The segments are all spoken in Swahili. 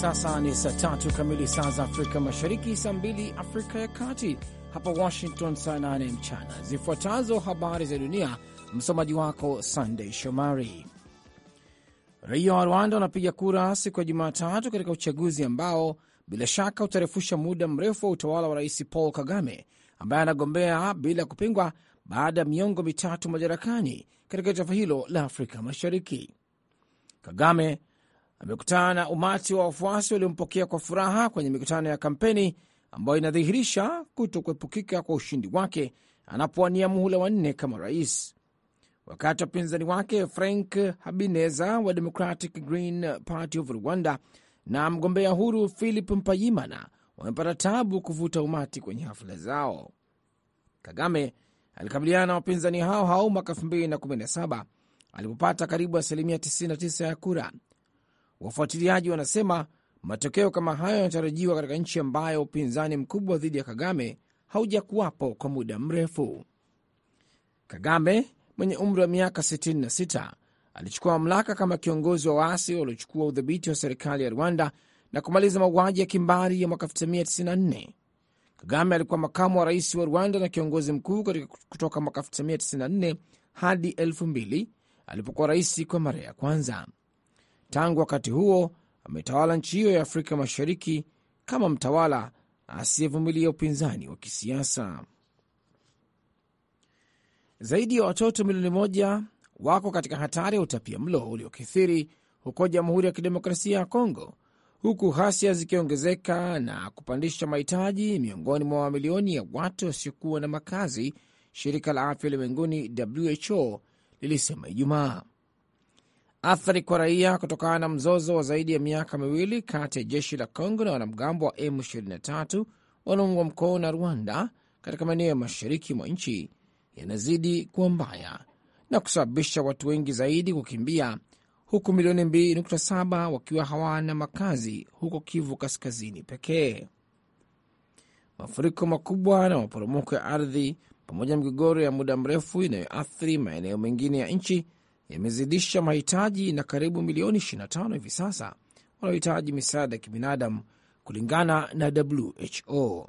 sasa ni saa tatu kamili saa za Afrika Mashariki, saa mbili Afrika ya Kati, hapa Washington saa nane mchana. Zifuatazo habari za dunia, msomaji wako sandey Shomari. Raia wa Rwanda wanapiga kura siku ya Jumatatu katika uchaguzi ambao bila shaka utarefusha muda mrefu wa utawala wa Rais Paul Kagame ambaye anagombea bila kupingwa baada ya miongo mitatu madarakani katika taifa hilo la Afrika Mashariki. Kagame amekutana na umati wa wafuasi waliompokea kwa furaha kwenye mikutano ya kampeni ambayo inadhihirisha kuto kuepukika kwa ushindi wake anapowania muhula wanne kama rais, wakati wapinzani wake Frank Habineza wa Democratic Green Party of Rwanda na mgombea huru Philip Mpayimana wamepata tabu kuvuta umati kwenye hafla zao. Kagame alikabiliana na wapinzani hao hao mwaka 2017 alipopata karibu asilimia 99 ya kura Wafuatiliaji wanasema matokeo kama hayo yanatarajiwa katika nchi ambayo upinzani mkubwa dhidi ya Kagame haujakuwapo kwa muda mrefu. Kagame mwenye umri wa miaka 66 alichukua mamlaka kama kiongozi wa waasi waliochukua udhibiti wa serikali ya Rwanda na kumaliza mauaji ya kimbari ya mwaka 1994. Kagame alikuwa makamu wa rais wa Rwanda na kiongozi mkuu kutoka mwaka 1994 hadi 2000 alipokuwa rais kwa mara ya kwanza. Tangu wakati huo ametawala nchi hiyo ya Afrika Mashariki kama mtawala asiyevumilia upinzani wa kisiasa. Zaidi ya watoto milioni moja wako katika hatari ya utapia mlo uliokithiri huko Jamhuri ya Kidemokrasia ya Kongo, huku ghasia zikiongezeka na kupandisha mahitaji miongoni mwa mamilioni ya watu wasiokuwa na makazi, shirika la afya ulimwenguni WHO lilisema Ijumaa athari kwa raia kutokana na mzozo wa zaidi ya miaka miwili kati ya jeshi la congo na wanamgambo wa M23 wanaungwa mkono na Rwanda katika maeneo ya mashariki mwa nchi yanazidi kuwa mbaya na kusababisha watu wengi zaidi kukimbia, huku milioni 2.7 wakiwa hawana makazi huko Kivu Kaskazini pekee. Mafuriko makubwa na maporomoko ya ardhi pamoja na migogoro ya muda mrefu inayoathiri maeneo mengine ya nchi yamezidisha mahitaji na karibu milioni 25 hivi sasa wanaohitaji misaada ya kibinadamu kulingana na WHO.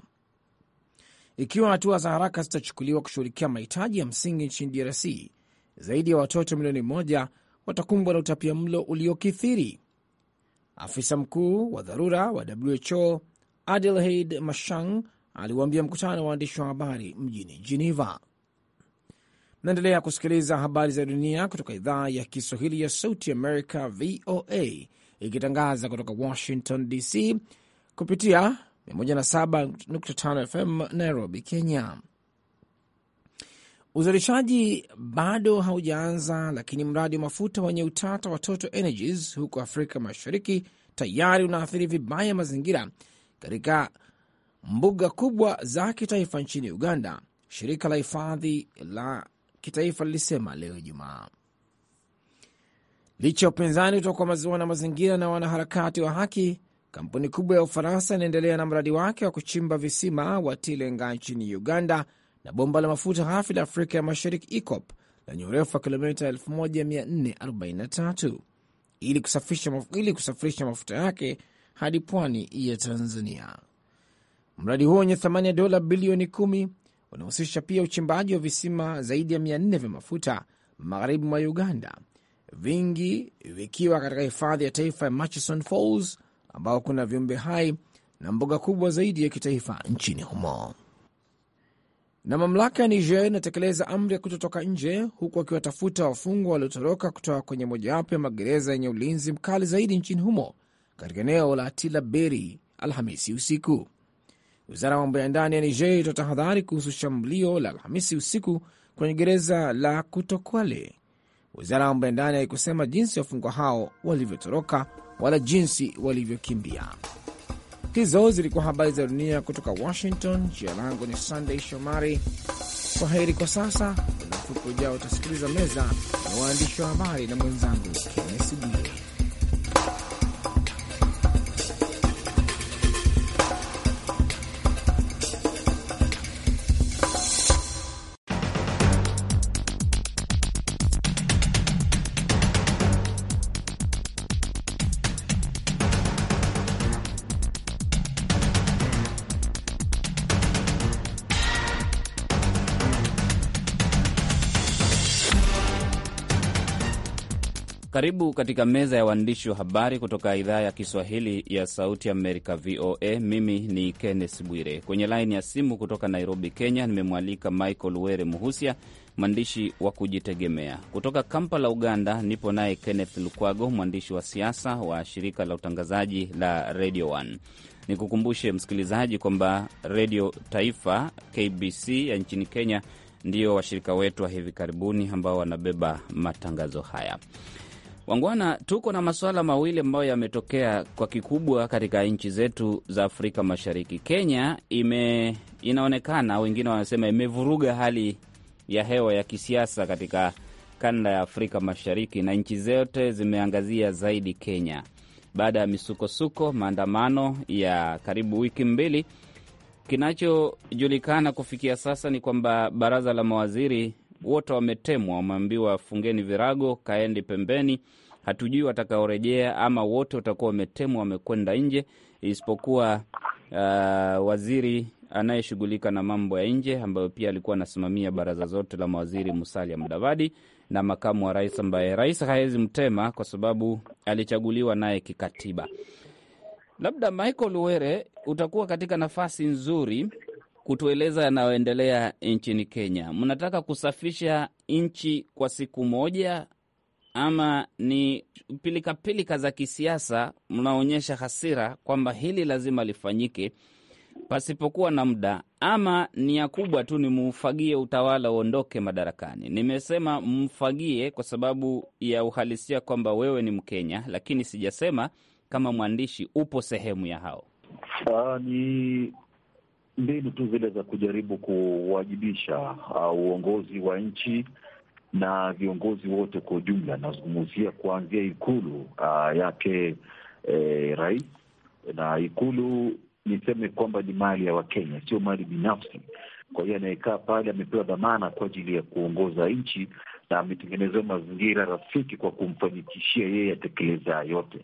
Ikiwa hatua za haraka zitachukuliwa kushughulikia mahitaji ya msingi nchini DRC, zaidi ya watoto milioni moja watakumbwa na utapia mlo uliokithiri. Afisa mkuu wa dharura wa WHO Adelheid Mashang aliwaambia mkutano wa waandishi wa habari mjini Geneva. Naendelea kusikiliza habari za dunia kutoka idhaa ya Kiswahili ya Sauti Amerika, VOA, ikitangaza kutoka Washington DC kupitia 107.5 FM Nairobi, Kenya. Uzalishaji bado haujaanza, lakini mradi wa mafuta wenye utata wa Total Energies huko Afrika Mashariki tayari unaathiri vibaya mazingira katika mbuga kubwa za kitaifa nchini Uganda. Shirika la hifadhi la kitaifa lilisema leo Ijumaa. Licha ya upinzani kutoka kwa wana mazingira na wanaharakati wa haki, kampuni kubwa ya Ufaransa inaendelea na mradi wake wa kuchimba visima wa Tilenga nchini Uganda, na bomba la mafuta ghafi la Afrika ya Mashariki ECOP lenye urefu wa kilomita 1443 ili kusafirisha ili kusafirisha mafuta yake hadi pwani ya Tanzania. Mradi huo wenye thamani ya dola bilioni kumi unahusisha pia uchimbaji wa visima zaidi ya 4 vya mafuta magharibi mwa Uganda, vingi vikiwa katika hifadhi ya taifa ya Murchison Falls ambao kuna viumbe hai na mbuga kubwa zaidi ya kitaifa nchini humo. Na mamlaka ya Niger inatekeleza amri ya kutotoka nje huku wakiwatafuta wafungwa waliotoroka kutoka kwenye mojawapo ya magereza yenye ulinzi mkali zaidi nchini humo katika eneo la Tillaberi Alhamisi usiku. Wizara ya mambo ya ndani ya Niger itoa tahadhari kuhusu shambulio la Alhamisi usiku kwenye gereza la Kutokwale. Wizara ya mambo ya ndani haikusema jinsi wafungwa hao walivyotoroka wala jinsi walivyokimbia. Hizo zilikuwa habari za dunia kutoka Washington. Jina langu ni Sunday Shomari. Kwa heri kwa sasa, na mfupi ujao utasikiliza meza na waandishi wa habari na mwenzangu Kenesi. Karibu katika meza ya waandishi wa habari kutoka idhaa ya Kiswahili ya Sauti Amerika, VOA. Mimi ni Kenneth Bwire. Kwenye laini ya simu kutoka Nairobi, Kenya, nimemwalika Michael Were Muhusia, mwandishi wa kujitegemea. Kutoka Kampala, Uganda, nipo naye Kenneth Lukwago, mwandishi wa siasa wa shirika la utangazaji la Radio One. Nikukumbushe msikilizaji kwamba redio Taifa KBC ya nchini Kenya ndio washirika wetu wa hivi karibuni ambao wanabeba matangazo haya. Wangwana, tuko na masuala mawili ambayo yametokea kwa kikubwa katika nchi zetu za Afrika Mashariki. Kenya ime inaonekana, wengine wanasema imevuruga hali ya hewa ya kisiasa katika kanda ya Afrika Mashariki, na nchi zote zimeangazia zaidi Kenya baada ya misukosuko, maandamano ya karibu wiki mbili. Kinachojulikana kufikia sasa ni kwamba baraza la mawaziri wote wametemwa, wameambiwa fungeni virago, kaendi pembeni. Hatujui watakaorejea ama wote watakuwa wametemwa, wamekwenda nje, isipokuwa uh, waziri anayeshughulika na mambo ya nje ambayo pia alikuwa anasimamia baraza zote la mawaziri Musalia Mudavadi na makamu wa rais ambaye rais hawezi mtema kwa sababu alichaguliwa naye kikatiba. Labda Michael Were, utakuwa katika nafasi nzuri kutueleza yanayoendelea nchini Kenya. Mnataka kusafisha nchi kwa siku moja ama ni pilikapilika pilika za kisiasa? Mnaonyesha hasira kwamba hili lazima lifanyike pasipokuwa na muda, ama ni ya kubwa tu, ni mufagie utawala uondoke madarakani. Nimesema mfagie kwa sababu ya uhalisia kwamba wewe ni Mkenya, lakini sijasema kama mwandishi upo sehemu ya hao. Aa, ah, ni mbinu tu zile za kujaribu kuwajibisha uh, uongozi wa nchi na viongozi wote kwa ujumla. Nazungumzia kuanzia ikulu uh, yake eh, rais na ikulu niseme kwamba ni mali ya Wakenya, sio mali binafsi. Kwa hiyo anayekaa pale amepewa dhamana kwa ajili ya kuongoza nchi na ametengenezewa mazingira rafiki kwa kumfanikishia yeye atekeleza yote,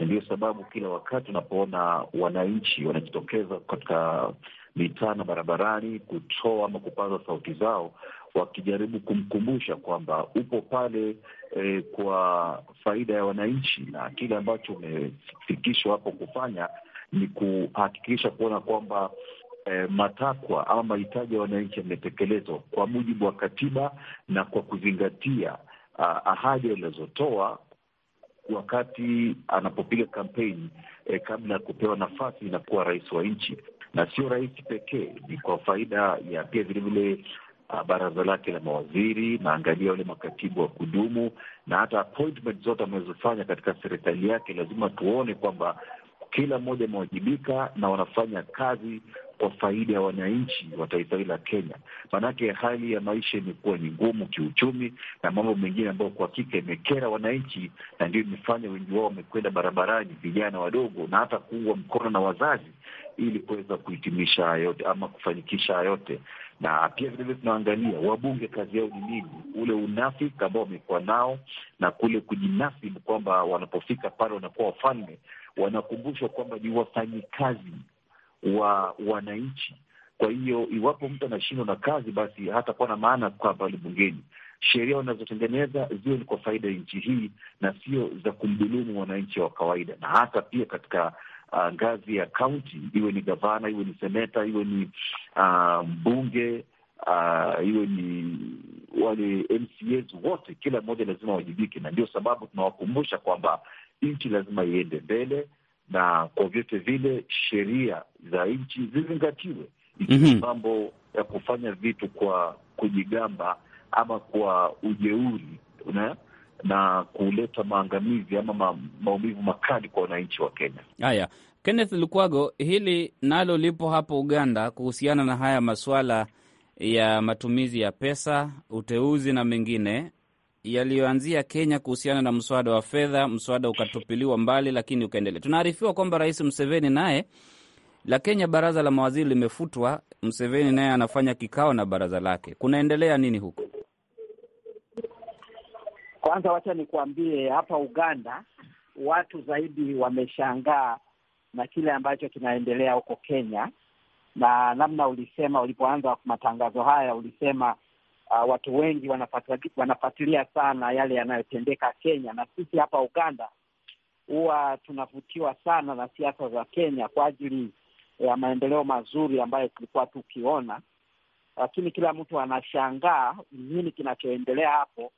na ndiyo sababu kila wakati unapoona wananchi wanajitokeza katika mitano barabarani kutoa ama kupaza sauti zao, wakijaribu kumkumbusha kwamba upo pale e, kwa faida ya wananchi, na kile ambacho umefikishwa hapo kufanya ni kuhakikisha kuona kwamba E, matakwa ama mahitaji ya wananchi yametekelezwa kwa mujibu wa katiba na kwa kuzingatia uh, ahadi alizotoa wakati anapopiga kampeni e, kabla ya kupewa nafasi na kuwa rais wa nchi na sio rais pekee, ni kwa faida ya pia vilevile uh, baraza lake la mawaziri, naangalia wale makatibu wa kudumu na hata appointment zote amezofanya katika serikali yake. Lazima tuone kwamba kila mmoja amewajibika na wanafanya kazi kwa faida ya wananchi wa taifa hili la Kenya. Maanake hali ya maisha imekuwa ni ngumu kiuchumi na mambo mengine ambayo kwa hakika imekera wananchi, na ndio imefanya wengi wao wamekwenda barabarani, vijana wadogo, na hata kuungwa mkono na wazazi ili kuweza kuhitimisha yote ama kufanikisha yote. Na pia vilevile tunaangalia wabunge, kazi yao ni nini? Ule unafiki ambao wamekuwa nao na kule kujinafi kwamba wanapofika pale wanakuwa wafalme, wanakumbushwa kwamba ni wafanyikazi wa wananchi. Kwa hiyo iwapo mtu anashindwa na kazi, basi hatakuwa na maana kwa pale bungeni. Sheria wanazotengeneza ziwe ni kwa faida ya nchi hii na sio za kumdhulumu wananchi wa kawaida, na hata pia katika uh, ngazi ya kaunti, iwe ni gavana, iwe ni seneta, iwe ni uh, mbunge uh, iwe ni wale MCAs wote, kila mmoja lazima wajibike, na ndio sababu tunawakumbusha kwamba nchi lazima iende mbele na kwa vyote vile sheria za nchi zizingatiwe, ikiwa mm -hmm. mambo ya kufanya vitu kwa kujigamba ama kwa ujeuri na, na kuleta maangamizi ama ma, maumivu makali kwa wananchi wa Kenya. Haya, Kenneth Lukwago, hili nalo lipo hapo Uganda kuhusiana na haya masuala ya matumizi ya pesa, uteuzi na mengine yaliyoanzia Kenya kuhusiana na mswada wa fedha, mswada ukatupiliwa mbali, lakini ukaendelea. Tunaarifiwa kwamba Rais Mseveni naye la Kenya, baraza la mawaziri limefutwa. Mseveni naye anafanya kikao na baraza lake. Kunaendelea nini huko? Kwanza wacha nikuambie, hapa Uganda watu zaidi wameshangaa na kile ambacho kinaendelea huko Kenya, na namna ulisema ulipoanza matangazo haya, ulisema uh, watu wengi wanafuatilia sana yale yanayotendeka Kenya, na sisi hapa Uganda huwa tunavutiwa sana na siasa za Kenya kwa ajili ya maendeleo mazuri ambayo tulikuwa tukiona, lakini kila mtu anashangaa nini kinachoendelea hapo,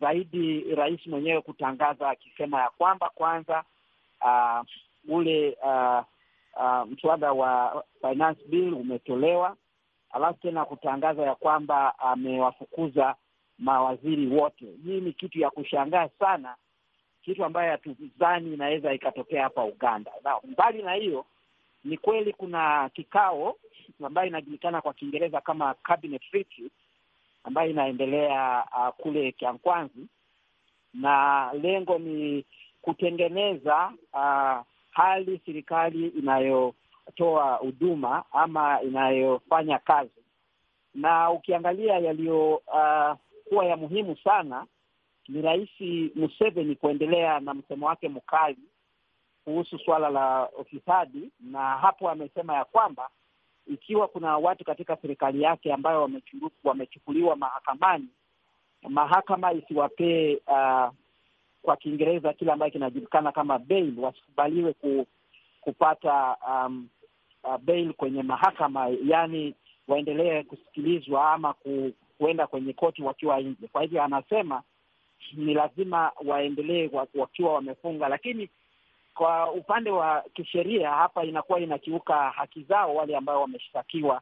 zaidi rais mwenyewe kutangaza akisema ya kwamba kwanza, uh, ule uh, uh, mswada wa finance bill umetolewa alafu tena kutangaza ya kwamba amewafukuza mawaziri wote. Hii ni kitu ya kushangaa sana, kitu ambayo hatuzani inaweza ikatokea hapa Uganda. Na mbali na hiyo, ni kweli kuna kikao ambayo inajulikana kwa Kiingereza kama cabinet retreat ambayo inaendelea uh, kule Kyankwanzi na lengo ni kutengeneza uh, hali serikali inayo inayotoa huduma ama inayofanya kazi, na ukiangalia yaliyokuwa uh, ya muhimu sana ni Rais Museveni kuendelea na msemo wake mkali kuhusu suala la ufisadi, na hapo amesema ya kwamba ikiwa kuna watu katika serikali yake ambayo wamechukuliwa mahakamani, mahakama isiwapee uh, kwa Kiingereza kile ambacho kinajulikana kama bail, wasikubaliwe ku, kupata um, uh, bail kwenye mahakama, yani waendelee kusikilizwa ama ku, kuenda kwenye koti wakiwa nje. Kwa hivyo anasema ni lazima waendelee wakiwa wamefunga, lakini kwa upande wa kisheria hapa inakuwa inakiuka haki zao wale ambao wameshtakiwa,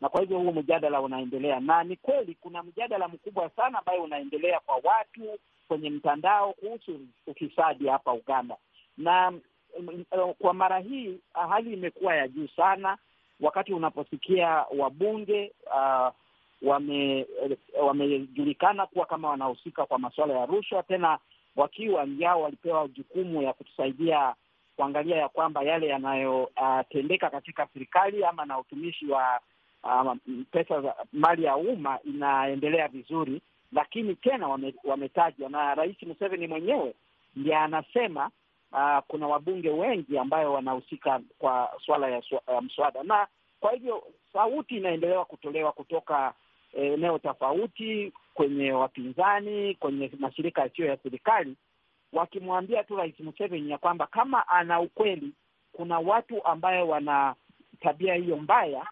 na kwa hivyo huu mjadala unaendelea, na ni kweli kuna mjadala mkubwa sana ambayo unaendelea kwa watu kwenye mtandao kuhusu ufisadi hapa Uganda, na kwa mara hii ah, hali imekuwa ya juu sana, wakati unaposikia wabunge uh, wamejulikana wame kuwa kama wanahusika kwa masuala ya rushwa, tena wakiwa ndio walipewa jukumu ya kutusaidia kuangalia ya kwamba yale yanayotendeka ah, uh, katika serikali ama na utumishi wa uh, pesa za mali ya umma inaendelea vizuri, lakini tena wametajwa wame na Rais Museveni mwenyewe ndiye anasema uh, kuna wabunge wengi ambayo wanahusika kwa swala ya, ya mswada, na kwa hivyo sauti inaendelewa kutolewa kutoka eh, eneo tofauti, kwenye wapinzani, kwenye mashirika yasiyo ya serikali, wakimwambia tu Rais Museveni ya kwamba kama ana ukweli, kuna watu ambayo wana tabia hiyo mbaya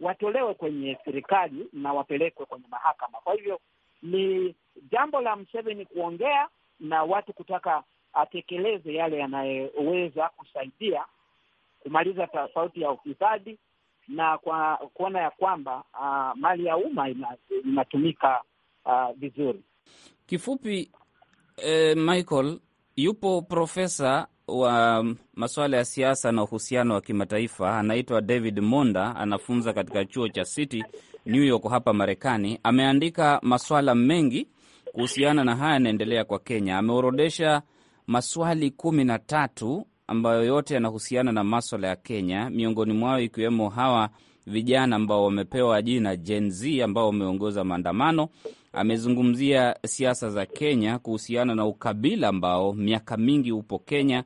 watolewe kwenye serikali na wapelekwe kwenye mahakama. Kwa hivyo ni jambo la mseveni kuongea na watu kutaka atekeleze yale yanayoweza kusaidia kumaliza tofauti ya ufisadi na kwa kuona ya kwamba uh, mali ya umma inatumika uh, vizuri. Kifupi eh, Michael, yupo profesa wa masuala ya siasa na uhusiano wa kimataifa anaitwa David Monda, anafunza katika chuo cha City New York hapa Marekani. Ameandika maswala mengi kuhusiana na haya yanaendelea kwa Kenya, ameorodesha maswali kumi na tatu ambayo yote yanahusiana na maswala ya Kenya, miongoni mwao ikiwemo hawa vijana ambao wamepewa jina Gen Z ambao wameongoza maandamano. Amezungumzia siasa za Kenya kuhusiana na ukabila ambao miaka mingi upo Kenya,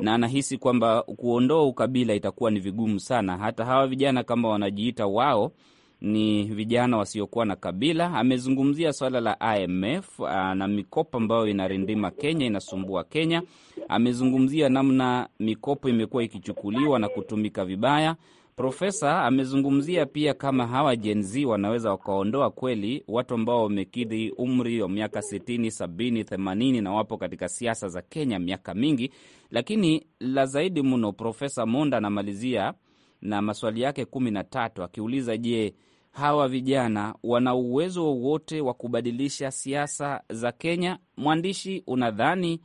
na anahisi kwamba kuondoa ukabila itakuwa ni vigumu sana. Hata hawa vijana kama wanajiita wao ni vijana wasiokuwa na kabila. Amezungumzia swala la IMF ah, na mikopo ambayo inarindima Kenya, inasumbua Kenya. Amezungumzia namna mikopo imekuwa ikichukuliwa na kutumika vibaya. Profesa amezungumzia pia kama hawa Gen Z wanaweza wakaondoa kweli watu ambao wamekidhi umri wa miaka sitini, sabini, themanini na wapo katika siasa za Kenya miaka mingi. Lakini la zaidi mno, Profesa Monda anamalizia na maswali yake kumi na tatu akiuliza, je, hawa vijana wana uwezo wowote wa kubadilisha siasa za Kenya? Mwandishi, unadhani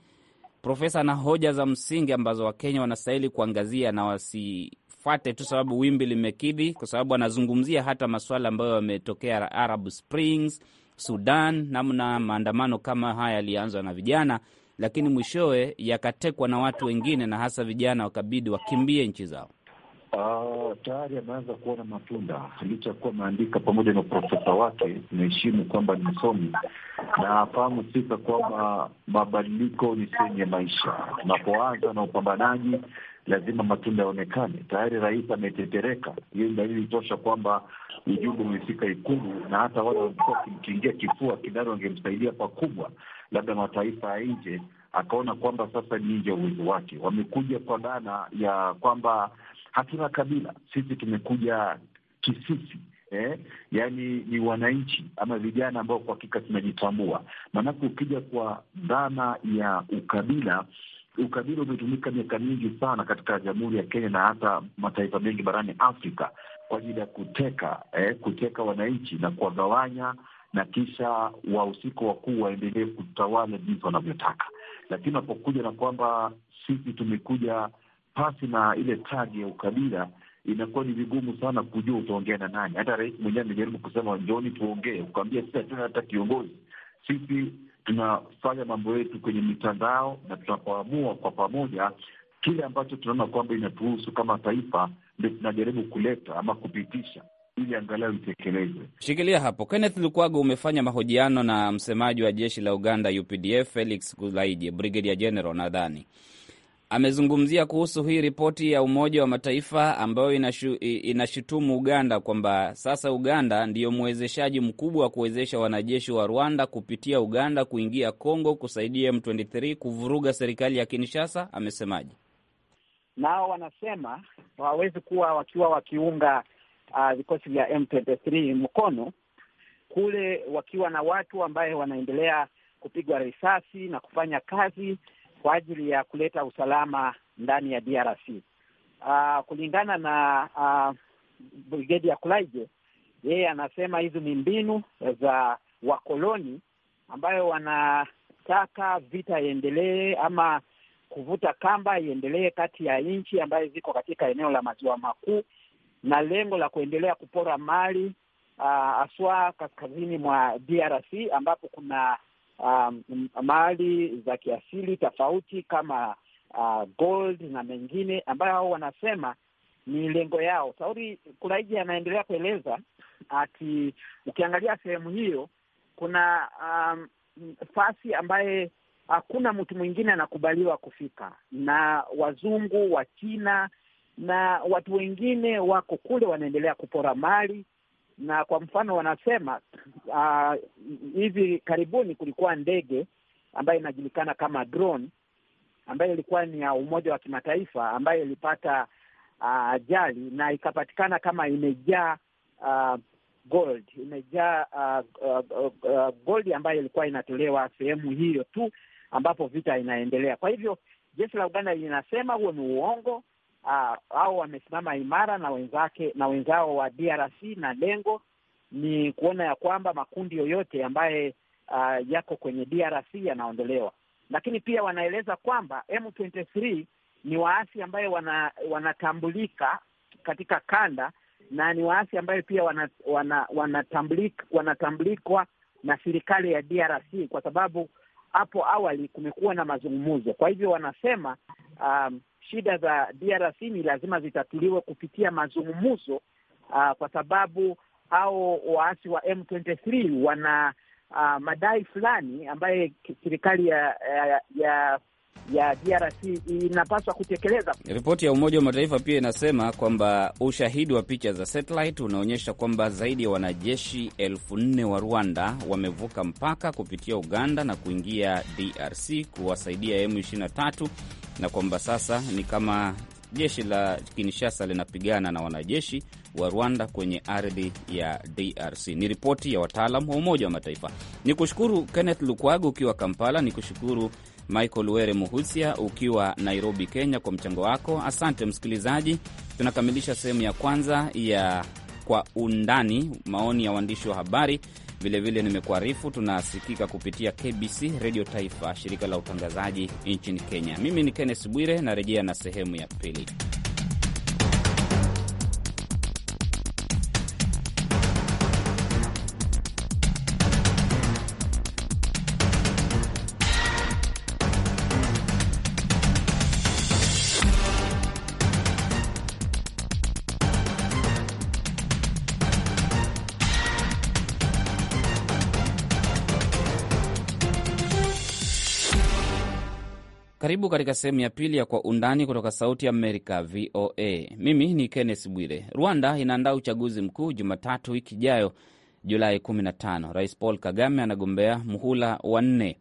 profesa na hoja za msingi ambazo Wakenya wanastahili kuangazia na wasifate tu sababu wimbi limekidhi, kwa sababu anazungumzia hata masuala ambayo yametokea Arab Springs, Sudan, namna maandamano kama haya yalianzwa na vijana, lakini mwishowe yakatekwa na watu wengine, na hasa vijana wakabidi wakimbie nchi zao. Ah, tayari ameanza kuona matunda licha ya kuwa ameandika pamoja na uprofesa wake. Naheshimu kwamba ni msomi na afahamu sisa kwamba mabadiliko ni sehemu ya maisha. Tunapoanza na upambanaji, lazima matunda yaonekane. Tayari rais ametetereka, hiyo ni dalili tosha kwamba ujumbe umefika Ikulu, na hata wale walikuwa wakimkingia kifua kidari wangemsaidia pakubwa, labda mataifa ya nje, akaona kwamba sasa ni nje ya uwezo wake. Wamekuja kwa dhana ya kwamba hatuna kabila sisi, tumekuja kisisi eh? Yani ni wananchi ama vijana ambao kwa hakika tunajitambua. Maanake ukija kwa dhana ya ukabila ukabila umetumika miaka mingi sana katika Jamhuri ya Kenya na hata mataifa mengi barani Afrika kwa ajili ya kuteka eh, kuteka wananchi na kuwagawanya na kisha wahusika wakuu waendelee kutawala jinsi wanavyotaka, lakini unapokuja na kwamba sisi tumekuja pasi na ile tagi ya ukabila inakuwa ni vigumu sana kujua utaongea na nani. Hata rais mwenyewe amejaribu kusema njoni tuongee, ukaambia sisi hatuna hata kiongozi, sisi tunafanya mambo yetu kwenye mitandao na tunapoamua kwa pamoja kile ambacho tunaona kwamba inatuhusu kama taifa, ndio tunajaribu kuleta ama kupitisha ili angalau itekelezwe. Shikilia hapo. Kenneth Lukwago, umefanya mahojiano na msemaji wa jeshi la Uganda UPDF Felix Gulaije, brigedia General nadhani amezungumzia kuhusu hii ripoti ya Umoja wa Mataifa ambayo inashu, inashutumu Uganda kwamba sasa Uganda ndiyo mwezeshaji mkubwa wa kuwezesha wanajeshi wa Rwanda kupitia Uganda kuingia congo kusaidia M23 kuvuruga serikali ya Kinshasa. Amesemaje? Nao wanasema hawawezi kuwa wakiwa wakiunga uh, vikosi uh, vya M23 mkono kule, wakiwa na watu ambaye wanaendelea kupigwa risasi na kufanya kazi kwa ajili ya kuleta usalama ndani ya DRC. Uh, ah, kulingana na uh, ah, Brigedi ya Kulaije, yeye anasema hizi ni mbinu za wakoloni ambayo wanataka vita iendelee ama kuvuta kamba iendelee kati ya nchi ambayo ziko katika eneo la maziwa makuu na lengo la kuendelea kupora mali ah, haswa uh, kaskazini mwa DRC ambapo kuna um, mali za kiasili tofauti kama uh, gold na mengine ambayo hao wanasema ni lengo yao. Sauri kuraiji anaendelea kueleza ati ukiangalia sehemu hiyo kuna um, fasi ambaye hakuna mtu mwingine anakubaliwa kufika, na wazungu wa China na watu wengine wako kule wanaendelea kupora mali, na kwa mfano wanasema uh, hivi karibuni kulikuwa ndege ambayo inajulikana kama drone ambayo ilikuwa ni ya Umoja wa Kimataifa ambayo ilipata ah, ajali na ikapatikana kama imejaa uh, gold imejaa uh, uh, uh, gold ambayo ilikuwa inatolewa sehemu hiyo tu ambapo vita inaendelea. Kwa hivyo jeshi la Uganda linasema huo ni uongo uh, au wamesimama imara na wenzake na wenzao wa DRC na lengo ni kuona ya kwamba makundi yoyote ambaye uh, yako kwenye DRC yanaondolewa, lakini pia wanaeleza kwamba M23 ni waasi ambayo wana, wanatambulika katika kanda na ni waasi ambayo pia wanatambulika wana, wanatambulikwa na serikali ya DRC kwa sababu hapo awali kumekuwa na mazungumzo. Kwa hivyo wanasema um, shida za DRC ni lazima zitatuliwe kupitia mazungumzo uh, kwa sababu hao waasi wa M23 wana uh, madai fulani ambaye serikali ya, ya, ya DRC inapaswa kutekeleza. Ripoti ya Umoja wa Mataifa pia inasema kwamba ushahidi wa picha za satellite unaonyesha kwamba zaidi ya wanajeshi elfu nne wa Rwanda wamevuka mpaka kupitia Uganda na kuingia DRC kuwasaidia M23 na kwamba sasa ni kama jeshi la Kinshasa linapigana na wanajeshi wa Rwanda kwenye ardhi ya DRC. Ni ripoti ya wataalam wa Umoja wa Mataifa. Ni kushukuru Kenneth Lukwagu ukiwa Kampala, ni kushukuru Michael Were Muhusia ukiwa Nairobi, Kenya, kwa mchango wako. Asante msikilizaji, tunakamilisha sehemu ya kwanza ya Kwa Undani, maoni ya waandishi wa habari. Vilevile nimekuarifu tunasikika kupitia KBC Redio Taifa, shirika la utangazaji nchini Kenya. Mimi ni Kenneth Bwire, narejea na sehemu ya pili. Karibu katika sehemu ya pili ya Kwa Undani kutoka Sauti Amerika, VOA. Mimi ni Kenneth Bwire. Rwanda inaandaa uchaguzi mkuu Jumatatu wiki ijayo, Julai 15. Rais Paul Kagame anagombea muhula wa nne.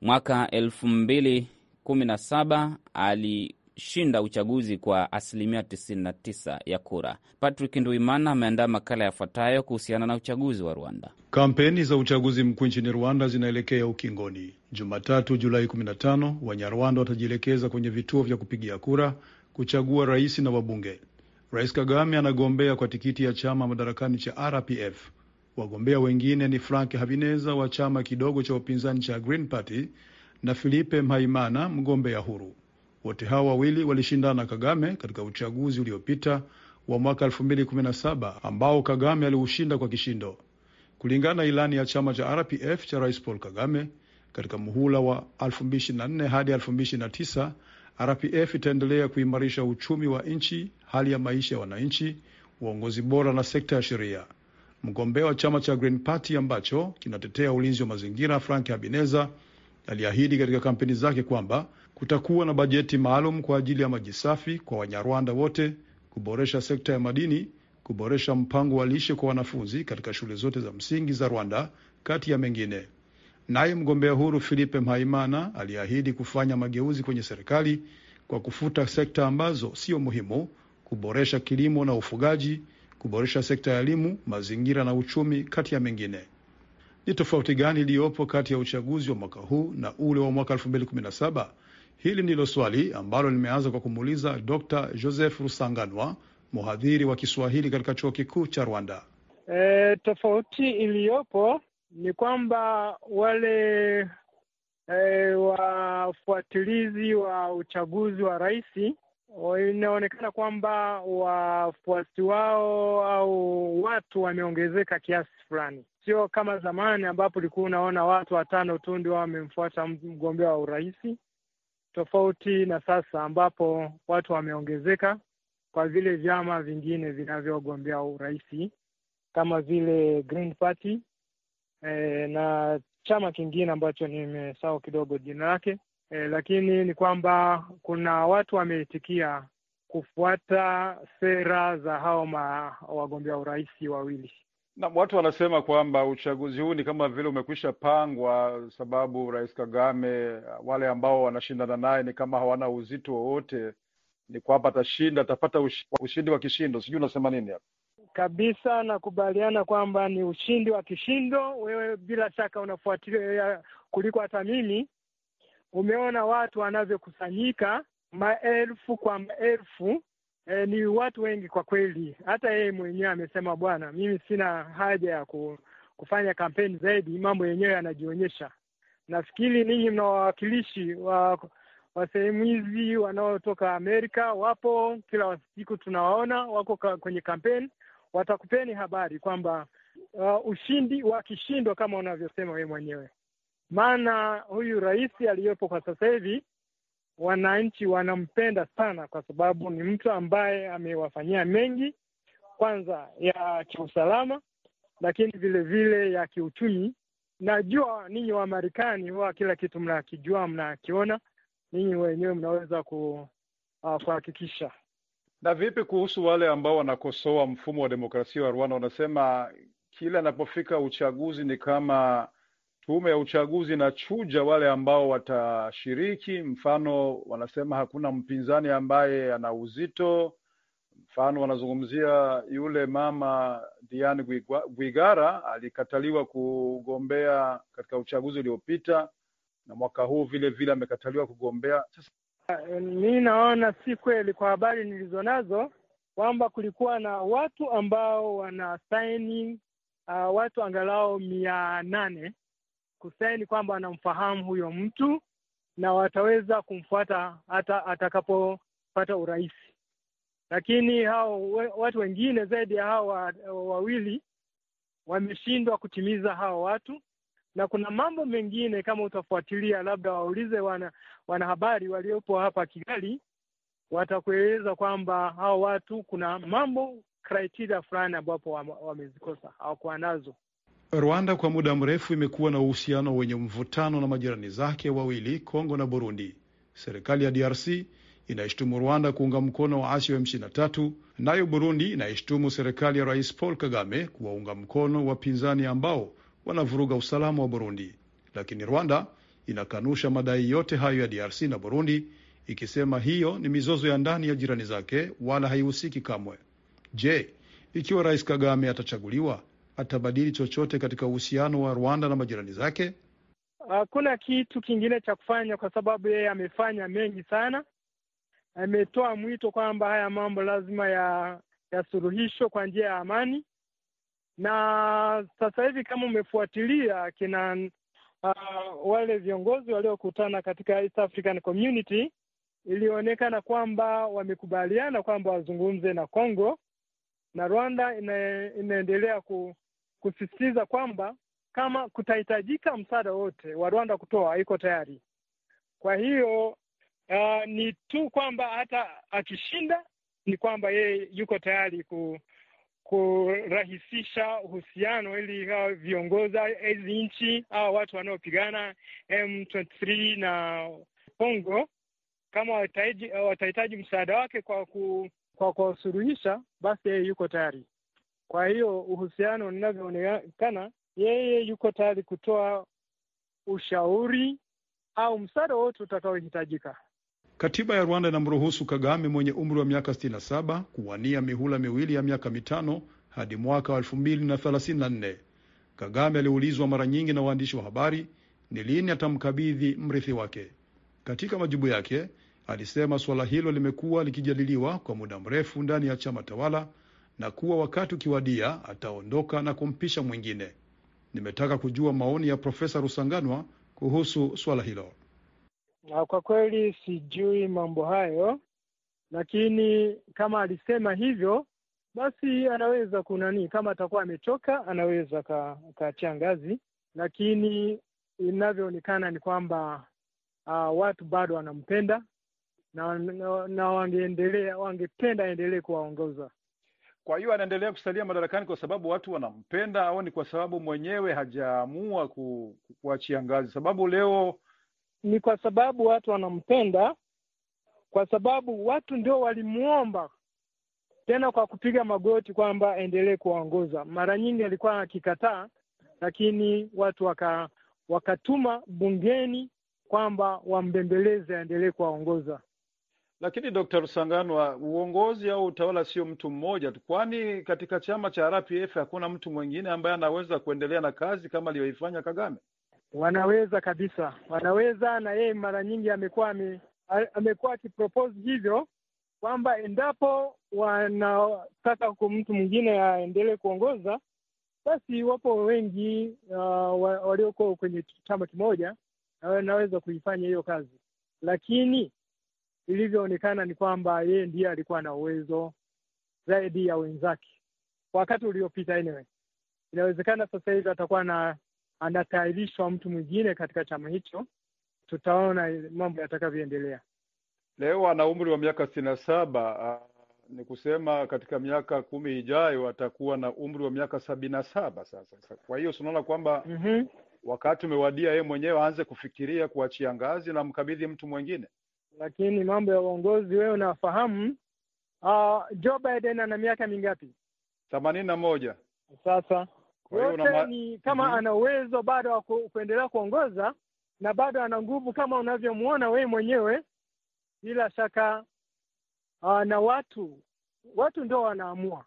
Mwaka 2017 ali kushinda uchaguzi kwa asilimia 99 ya kura. Patrick Nduimana ameandaa makala yafuatayo kuhusiana na uchaguzi wa Rwanda. Kampeni za uchaguzi mkuu nchini Rwanda zinaelekea ukingoni. Jumatatu Julai 15 Wanyarwanda watajielekeza kwenye vituo vya kupigia kura kuchagua rais na wabunge. Rais Kagame anagombea kwa tikiti ya chama madarakani cha RPF. Wagombea wengine ni Frank Habineza wa chama kidogo cha upinzani cha Green Party na Filipe Mhaimana mgombea huru. Wote hao wawili walishindana na Kagame katika uchaguzi uliopita wa mwaka 2017 ambao Kagame aliushinda kwa kishindo. Kulingana na ilani ya chama cha RPF cha Rais Paul Kagame katika muhula wa 2024 hadi 2029, RPF itaendelea kuimarisha uchumi wa nchi, hali ya maisha ya wananchi, uongozi bora na sekta ya sheria. Mgombea wa chama cha Green Party ambacho kinatetea ulinzi wa mazingira, Frank Habineza aliahidi katika kampeni zake kwamba Kutakuwa na bajeti maalum kwa ajili ya maji safi kwa Wanyarwanda wote, kuboresha sekta ya madini, kuboresha mpango wa lishe kwa wanafunzi katika shule zote za msingi za Rwanda, kati ya mengine. Naye mgombea huru Philippe Mhaimana aliahidi kufanya mageuzi kwenye serikali kwa kufuta sekta ambazo sio muhimu, kuboresha kilimo na ufugaji, kuboresha sekta ya elimu, mazingira na uchumi, kati ya mengine. Ni tofauti gani iliyopo kati ya uchaguzi wa mwaka huu na ule wa mwaka 2017? Hili ndilo swali ambalo limeanza kwa kumuuliza Dr. Joseph Rusanganwa, mhadhiri wa Kiswahili katika chuo kikuu cha Rwanda. E, tofauti iliyopo ni kwamba wale e, wafuatilizi wa uchaguzi wa rais inaonekana kwamba wafuasi wao au watu wameongezeka kiasi fulani, sio kama zamani ambapo ulikuwa unaona watu watano tu ndio wamemfuata mgombea wa urais tofauti na sasa ambapo watu wameongezeka kwa vile vyama vingine vinavyogombea urais kama vile Green Party e, na chama kingine ambacho nimesahau kidogo jina lake e, lakini ni kwamba kuna watu wameitikia kufuata sera za hao wagombea urais wawili. Na watu wanasema kwamba uchaguzi huu ni kama vile umekwisha pangwa, sababu Rais Kagame, wale ambao wanashindana naye ni kama hawana uzito wowote, ni kwamba atashinda, atapata ushindi wa kishindo. Sijui unasema nini hapa? Kabisa, nakubaliana kwamba ni ushindi wa kishindo. Wewe bila shaka unafuatilia kuliko hata mimi. Umeona watu wanavyokusanyika maelfu kwa maelfu E, ni watu wengi kwa kweli. Hata yeye mwenyewe amesema, bwana, mimi sina haja ya kufanya kampeni zaidi, mambo yenyewe yanajionyesha. Nafikiri ninyi mna wawakilishi wa, wa sehemu hizi wanaotoka Amerika, wapo kila siku tunawaona wako ka, kwenye kampeni, watakupeni habari kwamba uh, ushindi wakishindwa kama unavyosema wewe mwenyewe, maana huyu rais aliyepo kwa sasa hivi wananchi wanampenda sana, kwa sababu ni mtu ambaye amewafanyia mengi, kwanza ya kiusalama, lakini vile vile ya kiuchumi. Najua ninyi wa Marekani huwa kila kitu mnakijua, mnakiona, ninyi wenyewe mnaweza ku, uh, kuhakikisha. Na vipi kuhusu wale ambao wanakosoa mfumo wa demokrasia wa Rwanda? Wanasema kila anapofika uchaguzi ni kama tume ya uchaguzi inachuja wale ambao watashiriki. Mfano, wanasema hakuna mpinzani ambaye ana uzito. Mfano, wanazungumzia yule mama Diane Gwigara alikataliwa kugombea katika uchaguzi uliopita na mwaka huu vile vile amekataliwa kugombea. Sasa mi naona si kweli, kwa habari nilizonazo kwamba kulikuwa na watu ambao wana saini uh, watu angalau mia nane kusaini kwamba anamfahamu huyo mtu na wataweza kumfuata hata atakapopata urais. Lakini hao watu wengine zaidi ya hao wawili wameshindwa kutimiza hao watu, na kuna mambo mengine kama utafuatilia, labda waulize wana wanahabari waliopo hapa Kigali, watakueleza kwamba hao watu kuna mambo criteria fulani ambapo wamezikosa hawakuwa nazo. Rwanda kwa muda mrefu imekuwa na uhusiano wenye mvutano na majirani zake wawili, Kongo na Burundi. Serikali ya DRC inaishtumu Rwanda kuunga mkono waasi wa M23, nayo Burundi inaishtumu serikali ya Rais Paul Kagame kuwaunga mkono wapinzani ambao wanavuruga usalama wa Burundi. Lakini Rwanda inakanusha madai yote hayo ya DRC na Burundi, ikisema hiyo ni mizozo ya ndani ya jirani zake wala haihusiki kamwe. Je, ikiwa Rais Kagame atachaguliwa atabadili chochote katika uhusiano wa Rwanda na majirani zake? Hakuna kitu kingine cha kufanya, kwa sababu yeye amefanya mengi sana. Ametoa mwito kwamba haya mambo lazima ya yasuluhishwe kwa njia ya amani, na sasa hivi kama umefuatilia kina uh, wale viongozi waliokutana katika East African Community ilionekana kwamba wamekubaliana kwamba wazungumze na congo na Rwanda inaendelea ku, kusisitiza kwamba kama kutahitajika msaada wote wa Rwanda kutoa, iko tayari. Kwa hiyo uh, ni tu kwamba hata akishinda ni kwamba yeye yuko tayari ku, kurahisisha uhusiano ili hawa viongozi hizi nchi au watu wanaopigana M23 na Kongo kama watahitaji msaada wake kwa ku, kwa kuwasuluhisha, basi yeye yuko tayari. Kwa hiyo uhusiano, unavyoonekana, yeye yuko tayari kutoa ushauri au msaada wote utakaohitajika. Katiba ya Rwanda inamruhusu Kagame mwenye umri wa miaka 67 kuwania mihula miwili ya miaka mitano hadi mwaka wa 2034. Kagame aliulizwa mara nyingi na waandishi wa habari ni lini atamkabidhi mrithi wake. Katika majibu yake alisema suala hilo limekuwa likijadiliwa kwa muda mrefu ndani ya chama tawala na kuwa wakati ukiwadia ataondoka na kumpisha mwingine. Nimetaka kujua maoni ya Profesa Rusanganwa kuhusu swala hilo. Na kwa kweli sijui mambo hayo, lakini kama alisema hivyo, basi anaweza kunanii, kama atakuwa amechoka anaweza kaachia ka ngazi, lakini inavyoonekana ni kwamba uh, watu bado wanampenda na, na, na wangeendelea wangependa aendelee kuwaongoza. Kwa hiyo anaendelea kusalia madarakani kwa sababu watu wanampenda au ni kwa sababu mwenyewe hajaamua ku, kuachia ngazi? Sababu leo ni kwa sababu watu wanampenda, kwa sababu watu ndio walimwomba tena kwa kupiga magoti kwamba aendelee kuwaongoza. Mara nyingi alikuwa akikataa, lakini watu waka, wakatuma bungeni kwamba wambembeleze aendelee kuwaongoza. Lakini d Rusanganwa, uongozi au utawala sio mtu mmoja tu, kwani katika chama cha RPF hakuna mtu mwingine ambaye anaweza kuendelea na kazi kama aliyoifanya Kagame? Wanaweza kabisa, wanaweza. Na yeye mara nyingi amekuwa amekuwa akipropose hivyo kwamba endapo wanataka mtu mwingine aendelee kuongoza, basi wapo wengi uh, walioko kwenye chama kimoja na wanaweza kuifanya hiyo kazi, lakini ilivyoonekana ni kwamba yeye ndiye alikuwa na uwezo zaidi ya wenzake wakati uliopita. Anyway, inawezekana sasa hivi atakuwa na anatayarishwa mtu mwingine katika chama hicho, tutaona mambo yatakavyoendelea. Leo ana umri wa miaka sitini na saba ah, ni kusema katika miaka kumi ijayo atakuwa na umri wa miaka sabini na saba sasa. Kwa hiyo tunaona kwamba mm -hmm. wakati umewadia yeye mwenyewe aanze kufikiria kuachia ngazi na mkabidhi mtu mwingine lakini mambo ya uongozi wewe unafahamu. Uh, Joe Biden ana miaka mingapi? themanini na moja. Sasa yote ni kama mm -hmm. ana uwezo bado wa kuendelea kuongoza na bado ana nguvu kama unavyomwona wewe mwenyewe, bila shaka uh, na watu watu ndio wanaamua,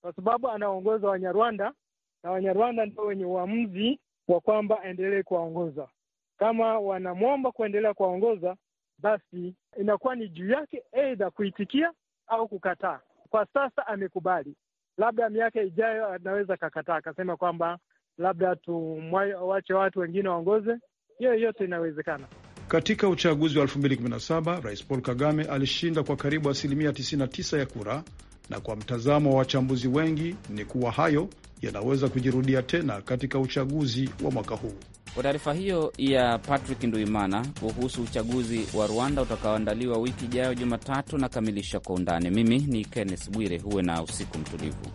kwa sababu anaongoza Wanyarwanda na Wanyarwanda ndio wenye uamuzi wa kwamba aendelee kuwaongoza. Kama wanamwomba kuendelea kuwaongoza, basi inakuwa ni juu yake aidha kuitikia au kukataa. Kwa sasa amekubali, labda miaka ijayo anaweza akakataa akasema kwamba labda tuwache watu wengine waongoze. Hiyo yote inawezekana. Katika uchaguzi wa 2017 Rais Paul Kagame alishinda kwa karibu asilimia 99 ya kura, na kwa mtazamo wa wachambuzi wengi ni kuwa hayo yanaweza kujirudia tena katika uchaguzi wa mwaka huu. Kwa taarifa hiyo ya Patrick Nduimana kuhusu uchaguzi wa Rwanda utakaoandaliwa wiki ijayo Jumatatu, nakamilisha kwa undani. Mimi ni Kenneth Bwire, huwe na usiku mtulivu.